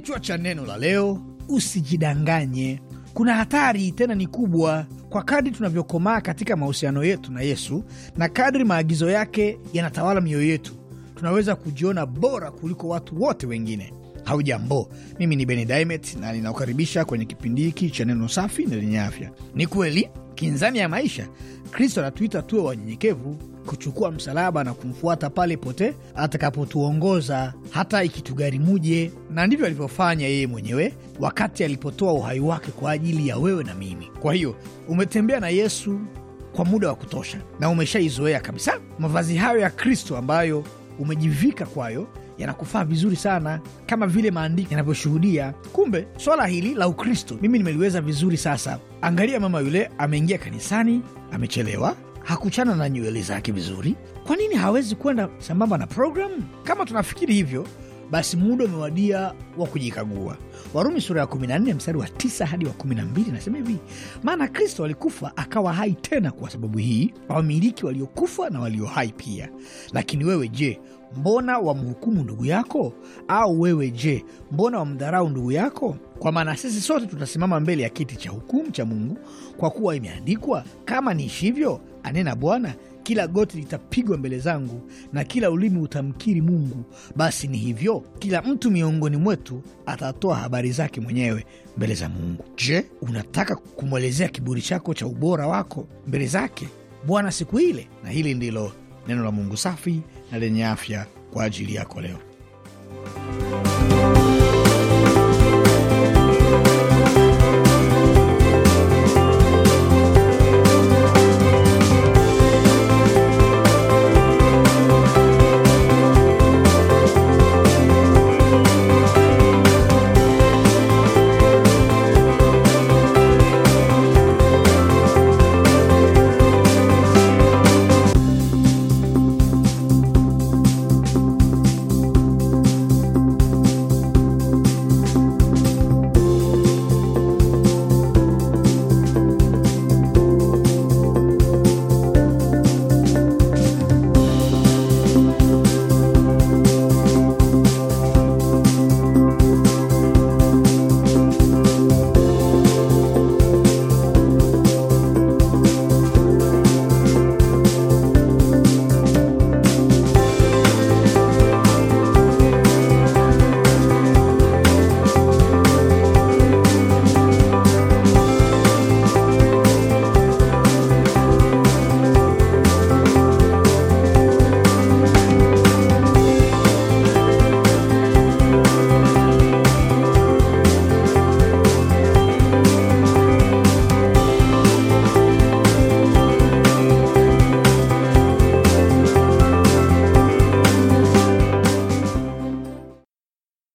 Kichwa cha neno la leo: usijidanganye. Kuna hatari tena ni kubwa kwa kadri tunavyokomaa katika mahusiano yetu na Yesu na kadri maagizo yake yanatawala mioyo yetu, tunaweza kujiona bora kuliko watu wote wengine. Haujambo, mimi ni Beni Dimet na ninakukaribisha kwenye kipindi hiki cha neno safi na lenye afya. Ni kweli kinzani ya maisha, Kristo anatuita tuwe wanyenyekevu, kuchukua msalaba na kumfuata pale pote atakapotuongoza, hata ikitugharimuje. Na ndivyo alivyofanya yeye mwenyewe wakati alipotoa uhai wake kwa ajili ya wewe na mimi. Kwa hiyo umetembea na Yesu kwa muda wa kutosha na umeshaizoea kabisa mavazi hayo ya Kristo ambayo umejivika kwayo yanakufaa vizuri sana kama vile maandiko yanavyoshuhudia. Kumbe swala hili la Ukristo mimi nimeliweza vizuri. Sasa angalia, mama yule ameingia kanisani, amechelewa, hakuchana na nywele zake vizuri. Kwa nini hawezi kwenda sambamba na programu? Kama tunafikiri hivyo basi muda umewadia wa kujikagua. Warumi sura ya 14 mstari wa 9 hadi wa 12 nasema hivi, maana Kristo alikufa akawa hai tena kwa sababu hii, wamiliki waliokufa na walio hai pia. Lakini wewe je, mbona wamhukumu ndugu yako? Au wewe je, mbona wamdharau ndugu yako? Kwa maana sisi sote tutasimama mbele ya kiti cha hukumu cha Mungu, kwa kuwa imeandikwa, kama niishivyo, anena Bwana, kila goti litapigwa mbele zangu na kila ulimi utamkiri Mungu. Basi ni hivyo, kila mtu miongoni mwetu atatoa habari zake mwenyewe mbele za Mungu. Je, unataka kumwelezea kiburi chako cha ubora wako mbele zake Bwana siku ile? Na hili ndilo neno la Mungu safi na lenye afya kwa ajili yako leo.